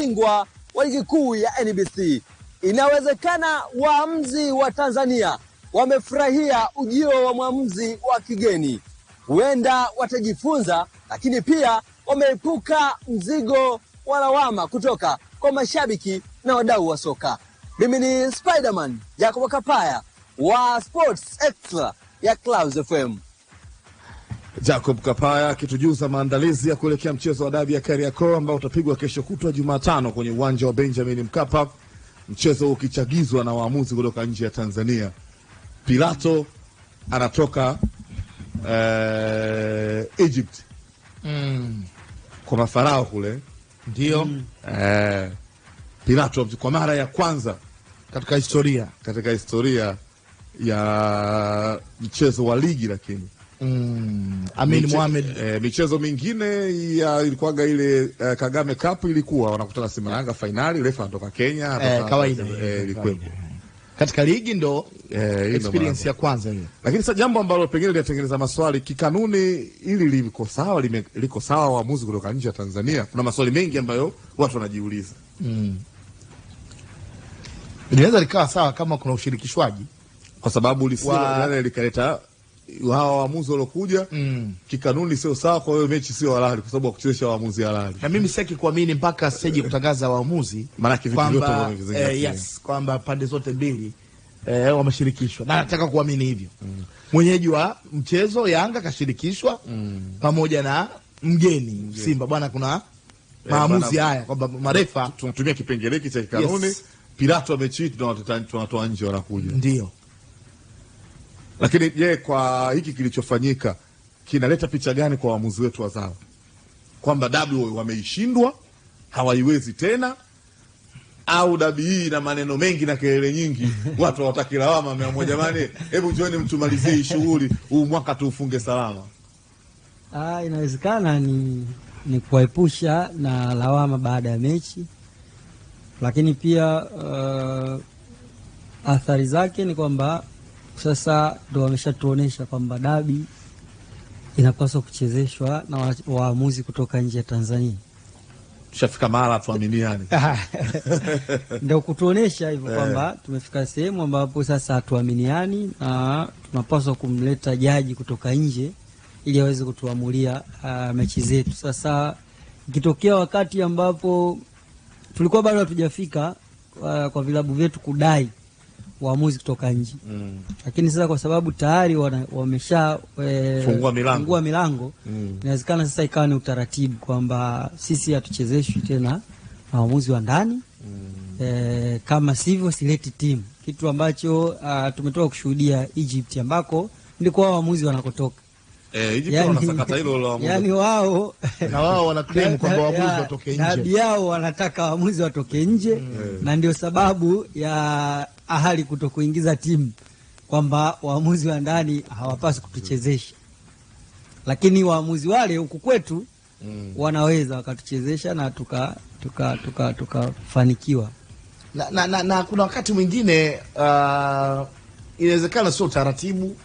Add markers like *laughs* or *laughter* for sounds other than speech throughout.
bingwa wa ligi kuu ya NBC. Inawezekana waamuzi wa Tanzania wamefurahia ujio wa mwamuzi wa kigeni, huenda watajifunza, lakini pia wameepuka mzigo wa lawama kutoka kwa mashabiki na wadau wa soka. Mimi ni Spiderman Jacob Kapaya wa Sports Extra ya Clouds FM. Jacob Kapaya akitujuza maandalizi ya kuelekea mchezo wa dabi ya Kariakoo ambao utapigwa kesho kutwa Jumatano kwenye uwanja wa Benjamin Mkapa, mchezo ukichagizwa na waamuzi kutoka nje ya Tanzania. Pilato anatoka eh, Egypt mm. kwa mafarao kule ndio mm. eh, Pilato kwa mara ya kwanza katika historia katika historia ya mchezo wa ligi lakini Mm, Amin Mohamed. Miche, Eh, michezo mingine ya ilikuwaga ile eh, Kagame Cup ilikuwa wanakutana Simba na Yanga fainali, refa anatoka Kenya eh, kawaida eh, ilikuwa katika ligi ndo eh, experience ya kwanza hiyo, lakini sasa jambo ambalo pengine linatengeneza maswali kikanuni, ili liko sawa lime, liko sawa waamuzi kutoka nje ya Tanzania, kuna maswali mengi ambayo watu wanajiuliza mm. inaweza likawa sawa kama kuna ushirikishwaji, kwa sababu lisilo wa... likaleta hawa waamuzi waliokuja mm. kikanuni sio sawa. Kwa hiyo mechi sio halali, kwa sababu kuchezesha waamuzi halali. Na mimi sitaki kuamini mpaka seji kutangaza waamuzi, maanake vitu vyote wamevizingatia, eh, yes, kwamba pande zote mbili eh, wameshirikishwa na nataka kuamini hivyo mm. mwenyeji wa mchezo Yanga kashirikishwa mm. pamoja na mgeni, mgeni Simba bwana, kuna eh, maamuzi haya kwamba marefa tunatumia kipengele hiki cha kanuni yes. Pilato amechi tunawatoa nje, wanakuja ndio lakini je, kwa hiki kilichofanyika kinaleta picha gani kwa waamuzi wetu wazawa, kwamba w wameishindwa hawaiwezi tena, au dabi hii na maneno mengi na kelele nyingi, *laughs* watu awatakilawama mia moja. Jamani, hebu jioni, mtumalizie hii shughuli, huu mwaka tuufunge salama. Ah, inawezekana ni, ni kuwaepusha na lawama baada ya mechi, lakini pia uh, athari zake ni kwamba sasa ndo wameshatuonesha kwamba dabi inapaswa kuchezeshwa na waamuzi kutoka nje ya Tanzania. Tushafika mahala tuaminiane, *laughs* *laughs* ndo kutuonyesha hivyo eh. kwamba tumefika sehemu ambapo sasa hatuaminiani na tunapaswa kumleta jaji kutoka nje ili aweze kutuamulia uh, mechi zetu. Sasa ikitokea wakati ambapo tulikuwa bado hatujafika uh, kwa vilabu vyetu kudai waamuzi kutoka nje mm. Lakini sasa kwa sababu tayari wamesha eh, fungua milango, milango mm. Inawezekana sasa ikawa ni utaratibu kwamba sisi hatuchezeshwi tena na waamuzi wa ndani mm. E, kama sivyo sileti timu, kitu ambacho ah, tumetoka kushuhudia Egypt ambako ndiko waamuzi wanakotoka. Eh, yani, yani wao *laughs* na wao wana claim kwamba *laughs* waamuzi watoke nje, yao wanataka waamuzi watoke nje mm. na ndio sababu ya Ahali kuto kuingiza timu kwamba waamuzi wa ndani hawapaswi kutuchezesha, lakini waamuzi wale huku kwetu mm. wanaweza wakatuchezesha na tukafanikiwa tuka, tuka, tuka na, na, na, na kuna wakati mwingine uh, inawezekana sio utaratibu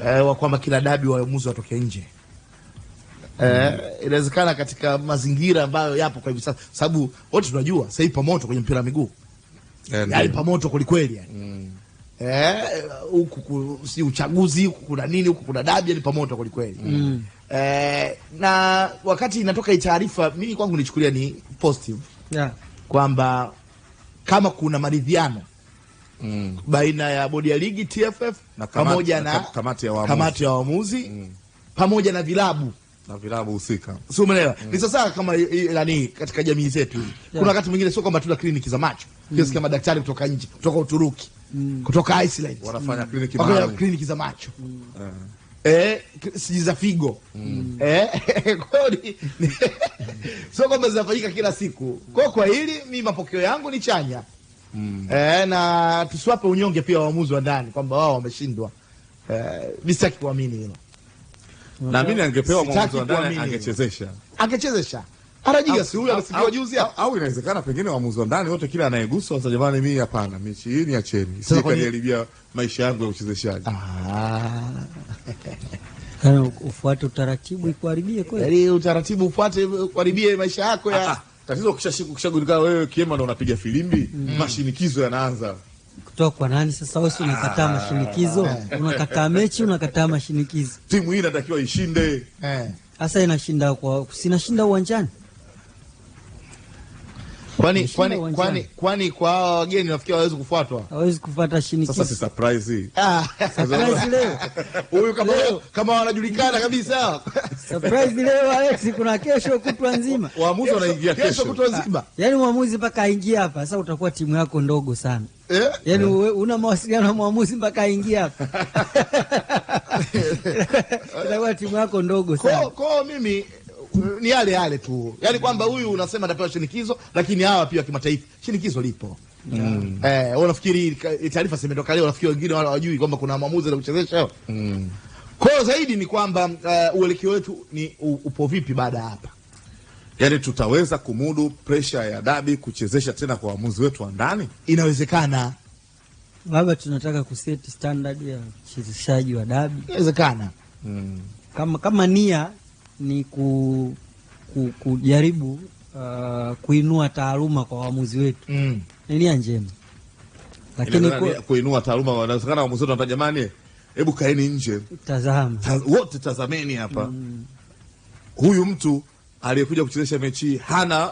uh, wa kwamba kila dabi waamuzi watoke nje uh, mm. inawezekana katika mazingira ambayo yapo kwa hivi sasa, sababu wote tunajua sasa hivi pamoto kwenye mpira wa miguu Eh, yaani pa moto kwelikweli yani. Mm. Eh, huku si uchaguzi huku kuna nini huku kuna dabi yaani pa moto kwelikweli. Mm. Eh, na wakati inatoka hii taarifa mimi kwangu nichukulia ni positive. Yeah. Kwamba kama kuna maridhiano Mm. baina ya bodi ya ligi TFF na kamati, pamoja na kamati ya waamuzi, kamati ya waamuzi mm. pamoja na vilabu na vilabu husika, si umeelewa? mm. Ni sasa kama nani katika jamii zetu yeah. Kuna wakati mwingine sio kwamba tuna kliniki za macho mm. Kiasi kama daktari kutoka nje kutoka Uturuki mm. kutoka Iceland wanafanya kliniki mm. maalum kliniki za macho mm. yeah. Eh, si za figo mm. eh, *laughs* kodi *laughs* sio kwamba zinafanyika kila siku. Kwa kwa hili mi mapokeo yangu ni chanya mm. eh, na tusiwape unyonge pia waamuzi wa ndani kwamba wao wameshindwa. Eh, mimi sitaki kuamini hilo. Naamini angepewa mwanzo ndani angechezesha. Angechezesha. Arajiga si huyu anasikiwa juzi hapa. Au inawezekana pengine waamuzi wa ndani wote kila anayeguswa sasa, jamani, mimi hapana, mechi hii ni acheni. Sasa kaniharibia maisha yangu ya uchezeshaji. Ah. Kana ufuate utaratibu ikuharibie kweli. Yaani utaratibu ufuate kuharibie maisha yako ya. Ah, ah. Tatizo kisha kisha gundika wewe kiema ndo unapiga filimbi, mm. mashinikizo yanaanza kutoka kwa nani? Sasa wewe unakataa ah, mashinikizo, eh. unakataa mechi, unakataa mashinikizo. Timu hii inatakiwa ishinde, eh. sasa inashinda kwa sinashinda uwanjani Kwani kwani kwani kwani kwa hao wageni nafikiri hawezi kufuatwa. Hawezi kufuata shinikizo. Sasa si surprise hii. Ah, surprise *laughs* leo. Huyu kama leo, kama wanajulikana kabisa. Surprise leo Alex, kuna kesho kutwa nzima. Waamuzi wanaingia kesho, kesho kutwa nzima. Ah. yani mwamuzi mpaka aingie hapa. Sasa utakuwa timu yako ndogo sana. eh? Yaani yeah. Una mawasiliano na mwamuzi mpaka aingie hapa. Itakuwa *laughs* timu yako ndogo sana. Kwa, kwa mimi Eh, ni yale yale tu, yaani kwamba huyu unasema atapewa shinikizo, lakini hawa pia kimataifa shinikizo lipo. Mm. Eh, unafikiri taarifa zimetoka leo, unafikiri wengine wala hawajui kwamba kuna maamuzi ya kuchezesha Mm. Kwa zaidi ni kwamba uh, uelekeo wetu ni upo vipi baada ya hapa? Yaani tutaweza kumudu presha ya dabi kuchezesha tena kwa waamuzi wetu wa ndani? Inawezekana. Labda tunataka kuseti standard ya uchezeshaji wa dabi. Inawezekana. Mm. Kama kama nia ni ku, ku, kujaribu uh, kuinua taaluma kwa waamuzi wetu mm. Ni nia njema, lakini kwa... kuinua taaluma wanawezekana waamuzi wetu wanataka jamani, hebu kaeni nje, tazama Ta, wote tazameni hapa mm. Huyu mtu aliyekuja kuchezesha mechi hana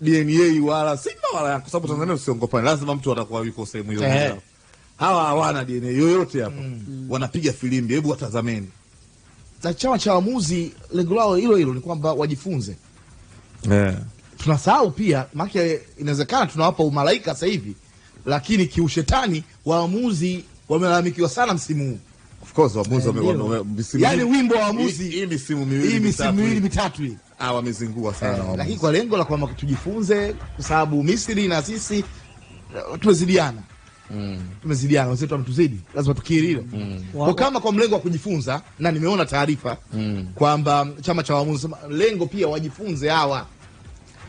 DNA wala Simba wala, kwa sababu Tanzania usiongopane, lazima mtu atakuwa yuko sehemu hiyo. Hawa hawana DNA yoyote hapa mm. Wanapiga filimbi, hebu watazameni na chama cha waamuzi lengo lao hilo hilo ni kwamba wajifunze yeah. Tunasahau pia maana inawezekana tunawapa umalaika sasa hivi, lakini kiushetani waamuzi wamelalamikiwa sana msimu huu of course, waamuzi eh, yani wimbo wa waamuzi hii misimu miwili mitatu hii ah, wamezingua sana eh, lakini kwa lengo la kwamba tujifunze, kwa sababu Misri na sisi eh, tumezidiana mm. tumezidiana, wenzetu amtuzidi lazima tukiri hilo mm. kwa kama kwa mlengo wa kujifunza, na nimeona taarifa mm. kwamba chama cha waamuzi lengo pia wajifunze hawa,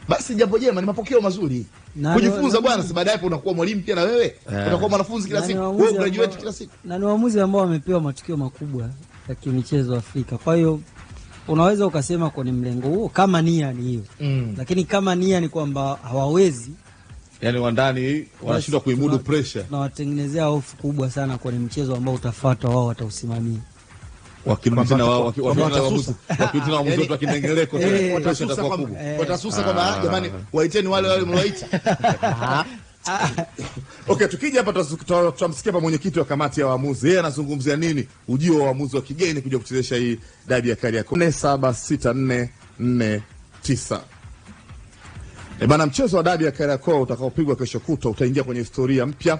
basi jambo jema, ni mapokeo mazuri nani, kujifunza bwana, si baadaye hapo unakuwa mwalimu pia na wewe yeah. utakuwa mwanafunzi kila siku, wewe unajiweka kila siku, na ni waamuzi ambao wamepewa matukio makubwa ya kimichezo Afrika, kwa hiyo unaweza ukasema kwenye mlengo huo kama nia ni hiyo mm. lakini kama nia ni kwamba hawawezi yani wa ndani wanashindwa kuimudu pressure, watengenezea hofu kubwa sana kwenye mchezo ambao utafuata, wao watausimamia watasusa kwamba ah. jamani, waiteni wale wale mliowaita. *laughs* Okay, tukija hapa tutamsikia hapa mwenyekiti wa kamati ya waamuzi, yeye anazungumzia nini ujio wa waamuzi wa kigeni kuja kuchezesha hii dabi ya Kariakoo. 76449 E bana, mchezo wa dabi ya Kariakoo utakaopigwa kesho kutwa utaingia kwenye historia mpya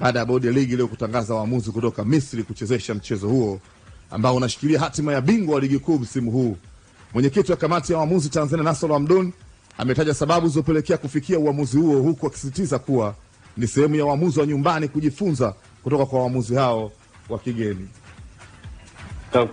baada ya bodi ya ligi leo kutangaza waamuzi kutoka Misri kuchezesha mchezo huo ambao unashikilia hatima ya bingwa wa ligi kuu msimu huu. Mwenyekiti wa kamati ya waamuzi Tanzania Nasoro Hamdun ametaja sababu zilizopelekea kufikia uamuzi huo, huku akisisitiza kuwa ni sehemu ya waamuzi wa nyumbani kujifunza kutoka kwa waamuzi hao wa kigeni.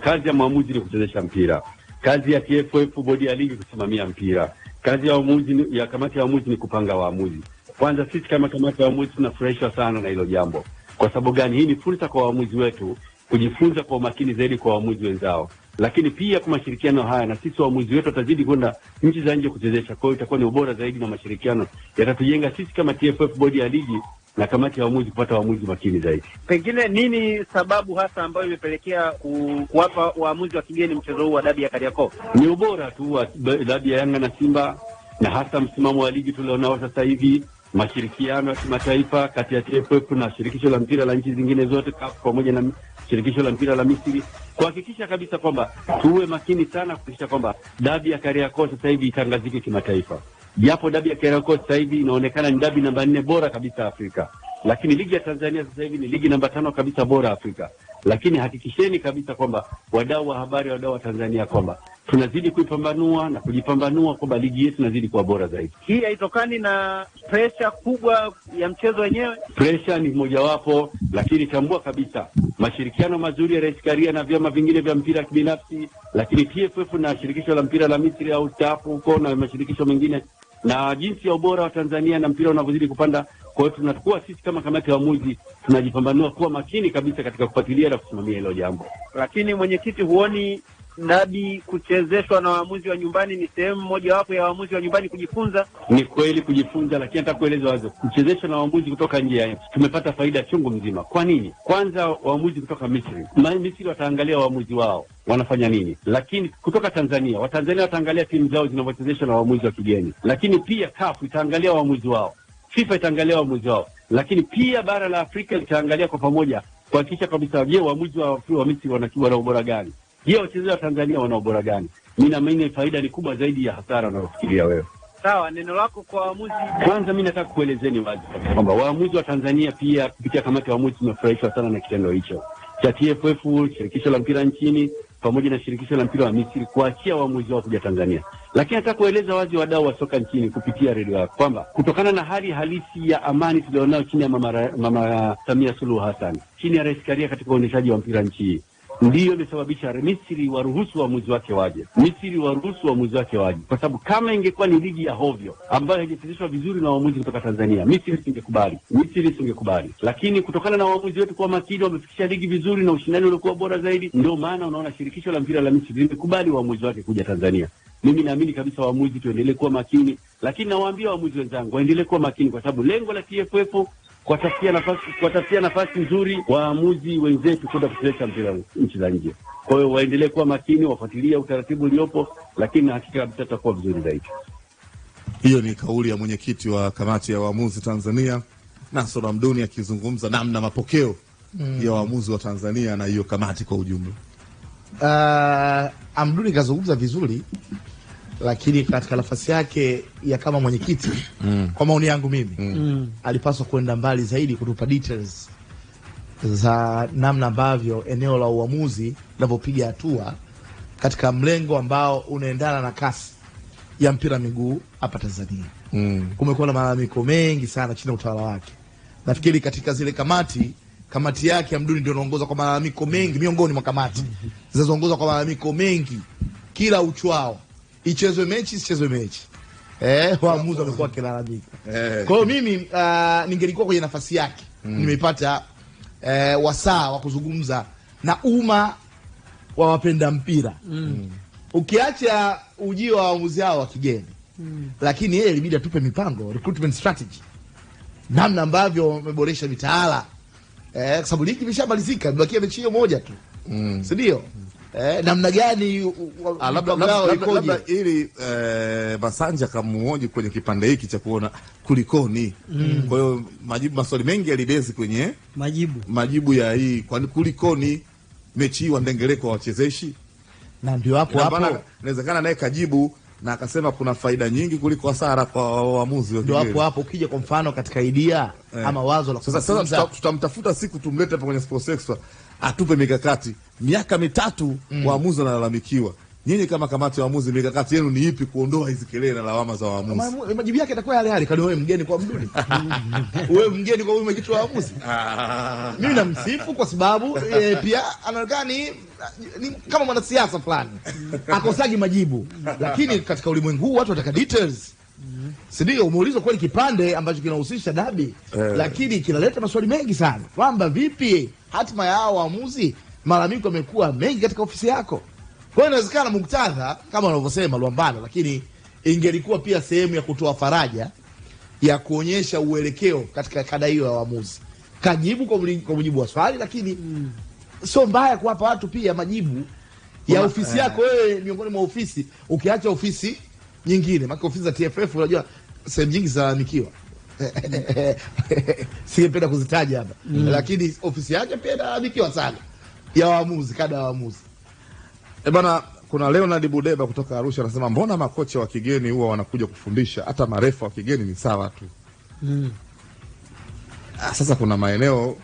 Kazi ya mwamuzi ni kuchezesha mpira, kazi ya TFF bodi ya ligi kusimamia mpira Kazi ya waamuzi ya kamati ya waamuzi ni kupanga waamuzi. Kwanza sisi kama kamati ya waamuzi tunafurahishwa sana na hilo jambo. Kwa sababu gani? Hii ni fursa kwa waamuzi wetu kujifunza kwa umakini zaidi kwa waamuzi wenzao, lakini pia kwa mashirikiano haya na sisi waamuzi wetu watazidi kwenda nchi za nje kuchezesha. Kwa hiyo itakuwa ni ubora zaidi na mashirikiano yatatujenga sisi kama TFF, bodi ya ligi na kamati ya uamuzi kupata uamuzi makini zaidi. Pengine nini sababu hasa ambayo imepelekea kuwapa waamuzi wa kigeni mchezo huu wa dabi ya Kariakoo? Ni ubora tu wa dabi ya Yanga na Simba na hasa msimamo wa ligi tulionao sasa hivi, mashirikiano ya kimataifa kati ya TFF na shirikisho la mpira la nchi zingine zote CAF pamoja na shirikisho la mpira la Misri kuhakikisha kabisa kwamba tuwe makini sana kuhakikisha kwamba dabi ya Kariakoo sasa hivi itangazike kimataifa japo dabi ya Kariakoo Coast sasa hivi inaonekana ni dabi namba nne bora kabisa Afrika, lakini ligi ya Tanzania sasa hivi ni ligi namba tano kabisa bora Afrika. Lakini hakikisheni kabisa kwamba wadau wa habari, wadau wa Tanzania, kwamba tunazidi kuipambanua na kujipambanua kwamba ligi yetu inazidi kuwa bora zaidi. Hii haitokani na presha kubwa ya mchezo wenyewe. Presha ni mojawapo, lakini tambua kabisa mashirikiano mazuri ya Rais Karia na vyama vingine vya mpira kibinafsi, lakini TFF na shirikisho la mpira la Misri au TAFU huko na mashirikisho mengine na jinsi ya ubora wa Tanzania na mpira unavyozidi kupanda. Kwa hiyo tunakuwa sisi kama kamati ya uamuzi tunajipambanua kuwa makini kabisa katika kufuatilia na kusimamia hilo jambo. Lakini mwenyekiti, huoni dabi kuchezeshwa na waamuzi wa nyumbani ni sehemu mojawapo ya waamuzi wa nyumbani kujifunza. Ni kweli kujifunza, lakini nataka kueleza wazo, kuchezeshwa na waamuzi kutoka nje ya nchi tumepata faida chungu mzima. Kwa nini? Kwanza, waamuzi kutoka Misri, Misri wataangalia waamuzi wao wanafanya nini, lakini kutoka Tanzania, Watanzania wataangalia timu zao zinavyochezeshwa na waamuzi wa kigeni, lakini pia CAF itaangalia waamuzi wao, FIFA itaangalia waamuzi wao, lakini pia bara la Afrika litaangalia kwa pamoja kuhakikisha kabisa, je, waamuzi wa Misri wanakiwa na ubora gani? Je, wachezaji wa Tanzania wana ubora gani? Mi naamini faida ni kubwa zaidi ya hasara unayofikiria wewe. Sawa, neno lako kwa waamuzi. Kwanza mi nataka kuelezeni wazi kwamba waamuzi wa Tanzania pia kupitia kamati ya waamuzi tumefurahishwa sana na kitendo hicho cha TFF, shirikisho la mpira nchini pamoja na shirikisho la mpira wa Misri kuachia waamuzi wao kuja Tanzania. Lakini nataka kueleza wazi wadau wa soka nchini kupitia redio yako kwamba kutokana na hali halisi ya amani tulionayo chini ya mama, mama Samia Suluhu Hassan, chini ya Rais Karia katika uendeshaji wa mpira nchi hii ndiyo ilisababisha Misri waruhusu waamuzi wake waje, Misri waruhusu waamuzi wake waje, kwa sababu kama ingekuwa ni ligi ya hovyo ambayo haijapitishwa vizuri na waamuzi kutoka Tanzania, Misri singekubali, Misri singekubali. Lakini kutokana na waamuzi wetu kuwa makini, wamefikisha ligi vizuri na ushindani uliokuwa bora zaidi, ndio maana unaona shirikisho la mpira la Misri limekubali waamuzi wake kuja Tanzania. Mimi naamini kabisa waamuzi tuendelee kuwa makini, lakini nawaambia waamuzi wenzangu waendelee kuwa makini, kwa sababu lengo la TFF kuwatafutia nafasi, kuwatafutia nafasi nzuri waamuzi wenzetu kwenda kuchezesha mpira nchi za nje. Kwa hiyo waendelee kuwa makini, wafuatilie utaratibu uliopo, lakini hakika kabisa tutakuwa vizuri zaidi. Hiyo ni kauli ya mwenyekiti wa kamati ya waamuzi Tanzania Nasor Amduni akizungumza namna mapokeo mm. ya waamuzi wa Tanzania na hiyo kamati kwa ujumla. Uh, Amduni kazungumza vizuri lakini katika nafasi yake ya kama mwenyekiti mm. kwa maoni yangu mimi mm. alipaswa kwenda mbali zaidi kutupa details za namna ambavyo eneo la uamuzi linavyopiga hatua katika mlengo ambao unaendana na kasi ya mpira miguu hapa Tanzania. Mm. Kumekuwa na malalamiko mengi sana chini ya utawala wake. Nafikiri katika zile kamati, kamati yake ya Mduni ndio inaongoza kwa malalamiko mengi, miongoni mwa kamati *laughs* zinazoongoza kwa malalamiko mengi kila uchwao icheze mechi isichezwe mechi eh, waamuzi wamekuwa wakilalamika eh. Kwa hiyo mimi uh, ningelikuwa kwenye nafasi yake mm. Nimepata eh, wasaa wa kuzungumza na umma wa wapenda mpira mm. Ukiacha ujio wa waamuzi hao wa kigeni mm. Lakini yeye ilibidi atupe mipango, recruitment strategy, namna ambavyo wameboresha mitaala eh, kwa sababu ligi imeshamalizika, imebakia mechi hiyo moja tu mm. si ndio? mm eh, namna gani ah, labda ili eh, Masanja kamuoji kwenye kipande hiki cha kuona kulikoni. Mm. Kwa hiyo majibu maswali mengi yalibezi kwenye majibu majibu ya hii kwani kulikoni mechi hii wandengeleko wa wachezeshi, na ndio hapo hapo inawezekana naye kajibu na akasema kuna faida nyingi kuliko hasara kwa waamuzi. Ndio hapo hapo ukija kwa mfano katika idea eh, ama wazo la sasa. Sasa tutamtafuta tuta siku tumlete hapa kwenye Sports Extra atupe mikakati. Miaka mitatu mm. waamuzi wanalalamikiwa. Nyinyi kama kamati ya waamuzi, mikakati yenu ni ipi kuondoa hizi kelele na lawama za waamuzi? Majibu yake yatakuwa yale yale, kadi wewe mgeni kwa mduni *laughs* wewe mgeni kwa mwenyekiti wa waamuzi. Ah. Mimi namsifu kwa sababu e, pia anaonekana ni kama mwanasiasa fulani *laughs* akosagi majibu, lakini katika ulimwengu huu watu wataka details sindio? Umeulizwa Si kweli kipande ambacho kinahusisha dabi eh, lakini kinaleta maswali mengi sana kwamba vipi hatima ya hao waamuzi. Malalamiko yamekuwa mengi katika ofisi yako, kwa hiyo inawezekana muktadha kama wanavyosema Lwambana, lakini ingelikuwa pia sehemu ya kutoa faraja ya kuonyesha uelekeo katika kada hiyo ya waamuzi. Kajibu kwa mujibu wa swali, lakini mm, sio mbaya kuwapa watu pia majibu ya ofisi eh. yako wewe, miongoni mwa ofisi ukiacha ofisi nyingine, maana ofisi za TFF unajua sehemu nyingi zinalalamikiwa *laughs* singependa kuzitaja hapa mm. Lakini ofisi yake pia inalalamikiwa sana ya waamuzi, kada ya waamuzi e bana. Kuna Leonard Budeba kutoka Arusha anasema mbona makocha wa kigeni huwa wanakuja kufundisha, hata marefa wa kigeni ni sawa tu mm. Ah, sasa kuna maeneo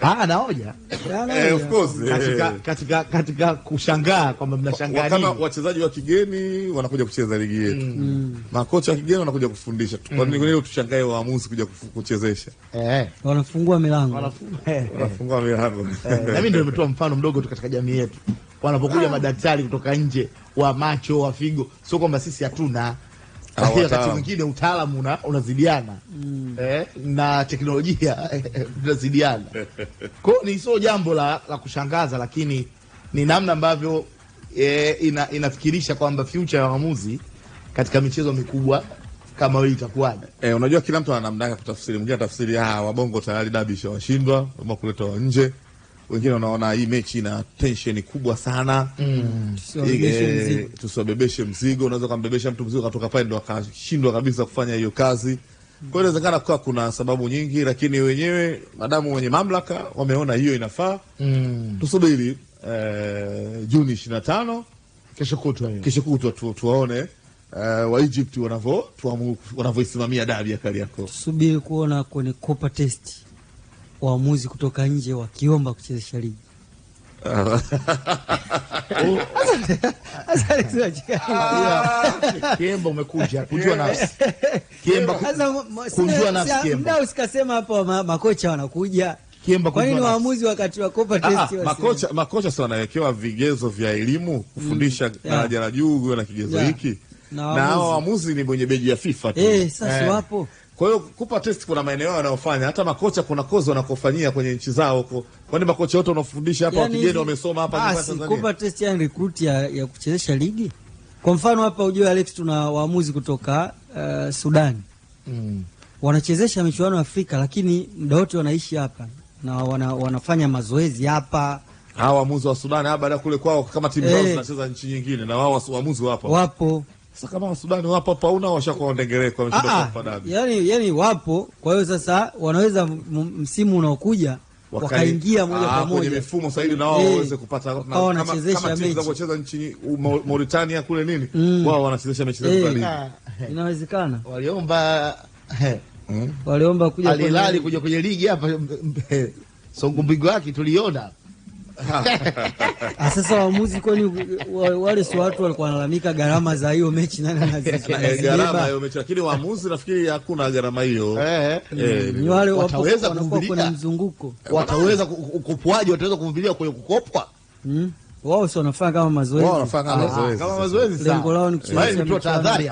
anaoja *laughs* ah, eh, eh. katika katika kushangaa kwamba mnashangaa kama wachezaji wa kigeni wanakuja kucheza ligi yetu, mm. Mm. makocha wa kigeni wanakuja kufundisha. Kwa nini leo mm. tushangae waamuzi kuja kuchezesha? Eh. Wanafungua milango, *laughs* wanafungua milango. Na mimi ndio nimetoa mfano mdogo tu katika jamii yetu, wanapokuja ah. madaktari kutoka nje wa macho, wa figo, sio kwamba sisi hatuna lakini wakati mwingine utaalamu una, unazidiana mm. eh, na teknolojia *laughs* unazidiana kwao ni sio jambo la, la kushangaza, lakini ni namna ambavyo eh, ina, inafikirisha kwamba future ya waamuzi katika michezo mikubwa kama hii itakuwaje? Eh, unajua kila mtu ana namna yake kutafsiri. Mwingine atafsiri ah, wabongo tayari dabi shawashindwa ama kuletwa nje wengine wanaona hii mechi ina tension kubwa sana mm. E, tusiwabebeshe mzigo. Unaweza ukambebesha mtu mzigo katoka pale ndo akashindwa kabisa kufanya hiyo kazi. Kwa hiyo inawezekana kuwa kuna sababu nyingi, lakini wenyewe madamu wenye mamlaka wameona hiyo inafaa mm. tusubiri e, Juni ishirini na tano kesho kutwa, kesho kutwa tu, tuwaone Uh, wa Egypt wanavyoisimamia dabi ya Kariakoo. Subiri kuona kwenye Copa Test waamuzi kutoka nje wakiomba kuchezesha ligi. Kiemba umekuja kujua nafsi. Kiemba kujua nafsi usikasema hapo makocha wanakuja. Kiemba kujua nafsi. Kwa nini waamuzi wakati wa Copa ah, ah, Test makocha makocha sio wanawekewa vigezo vya elimu mm, kufundisha daraja la juu na kigezo hiki. Na hao waamuzi ni mwenye beji ya FIFA tu. Eh, sasa eh. wapo. Kwa hiyo kupa test, kuna maeneo yanayofanya hata makocha, kuna kozi wanakofanyia kwenye nchi zao huko, kwani makocha wote wanafundisha hapa yani, wakigeni wamesoma hapa Tanzania. Kupa test ya recruit ya, ya kuchezesha ligi kwa mfano hapa ujue Alex, tuna waamuzi kutoka uh, Sudan mm. wanachezesha michuano ya Afrika, lakini muda wote wanaishi hapa na wana, wanafanya mazoezi hapa hawa waamuzi wa Sudan ah, baada ya kule kwao kama timu zao eh. zinacheza nchi nyingine na wao waamuzi wapo wapo sasa kama wapo kwahiyo ah, ah, wapo, kwa hiyo sasa wanaweza msimu unaokuja wakaingia moja kwa ah, moja kwenye mifumo sasa na wao eh, waweze kupata kama za kucheza mm. Mauritania kule nini mm. wao wanachezesha mechi za eh, Inawezekana. Waliomba hmm? waliomba kuja kuja kwenye ligi hapa songo *laughs* mbigo yake tuliona. Ah, sasa waamuzi, kwani wale si watu walikuwa wanalalamika gharama za hiyo mechi, nani anazigharama eh, hiyo mechi? Lakini waamuzi nafikiri hakuna gharama hiyo, eh, eh. ni wale wataweza kuvumilia mzunguko, wataweza kupuaji, wataweza kuvumilia kwenye kukopwa hmm? wao si wanafanya kama mazoezi, wao wanafanya kama ah, mazoezi, kama mazoezi. sasa. Lengo lao ni kucheza yaani mtu tahadhari,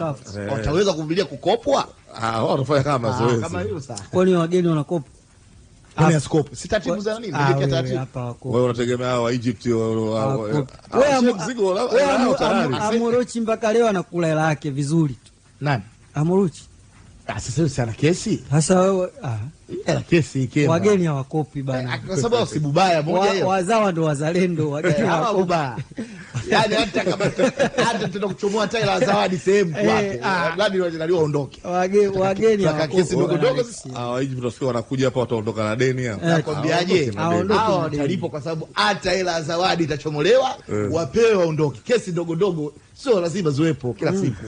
wataweza kuvumilia kukopwa. Ah, wao wanafanya kama ah, mazoezi, kama hiyo. Sasa kwani wageni wanakopwa Sita Amorochi mpaka leo anakula hela yake vizuri tu. Nani? Amorochi Ah, sasa sana kesi sasa wewe ah, kesi ikema, wageni hawakopi bana, ah, kwa sababu si bubaya moja hiyo, wazawa ndo wazalendo, wageni eh, hawakopi bubaya. Yani hata kama hata tutaenda kuchomoa tai la zawadi sehemu wapi, labda wanajaribu waondoke, wageni wageni hawakopi kesi ndogo ndogo. Ah, hivi tunasikia wanakuja hapa, wataondoka na deni hapa, eh, nakwambiaje, hao watalipo, kwa sababu hata hela zawadi itachomolewa, eh. wapewe waondoke. Kesi ndogo ndogo sio lazima ziwepo kila mm. siku.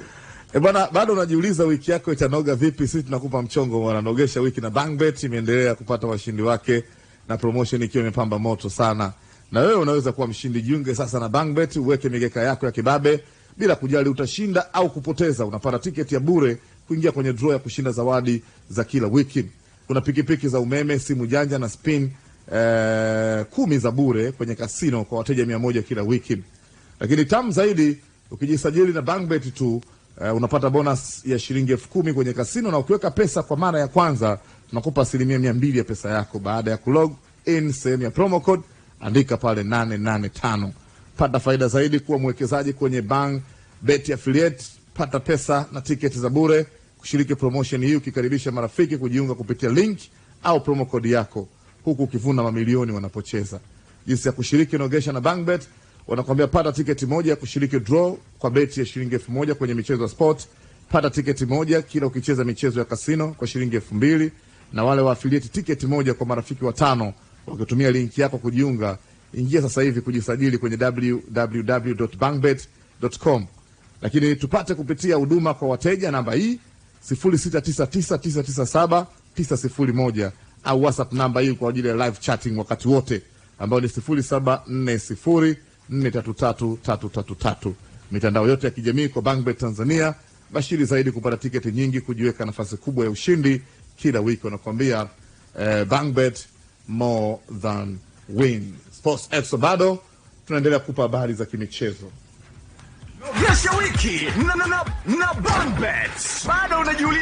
E bwana, bado unajiuliza wiki yako itanoga vipi? Sisi tunakupa mchongo, bwana, nogesha wiki na Bangbet imeendelea kupata washindi wake na promotion ikiwa imepamba moto sana, na wewe unaweza kuwa mshindi. Jiunge sasa na Bangbet, uweke migeka yako ya kibabe bila kujali utashinda au kupoteza. Unapata tiketi ya bure kuingia kwenye draw ya kushinda zawadi za kila wiki. Kuna pikipiki za umeme, simu janja na spin eh, kumi za bure kwenye kasino kwa wateja mia moja kila wiki, lakini tamu zaidi ukijisajili na Bangbet tu uh, unapata bonus ya shilingi elfu kumi kwenye kasino, na ukiweka pesa kwa mara ya kwanza tunakupa asilimia mia mbili ya pesa yako baada ya kulog in sehemu ya promo code, andika pale tano Pata faida zaidi, kuwa mwekezaji kwenye bank bet affiliate, pata pesa na tiketi za bure. Kushiriki promotion hii ukikaribisha marafiki kujiunga kupitia link au promo code yako, huku ukivuna mamilioni wanapocheza. Jinsi ya kushiriki inaogesha na BankBet wanakuambia pata tiketi moja kushiriki draw kwa beti ya shilingi elfu moja kwenye michezo ya sport. Pata tiketi moja kila ukicheza michezo ya kasino kwa shilingi elfu mbili na wale wa affiliate tiketi moja kwa marafiki watano wakitumia linki yako kujiunga. Ingia sasa hivi kujisajili kwenye www.bankbet.com. Lakini tupate kupitia huduma kwa wateja namba hii 0699997901 au WhatsApp namba hii kwa ajili ya live chatting wakati wote ambayo ni 0740 4333 Mitandao yote ya kijamii kwa BangBet Tanzania. Bashiri zaidi kupata tiketi nyingi, kujiweka nafasi kubwa ya ushindi kila wiki, wanakuambia eh, BangBet more than win. Sports Extra bado tunaendelea kupa habari za kimichezo Nogesha wiki na, na, na, na BangBet bado unajiuliza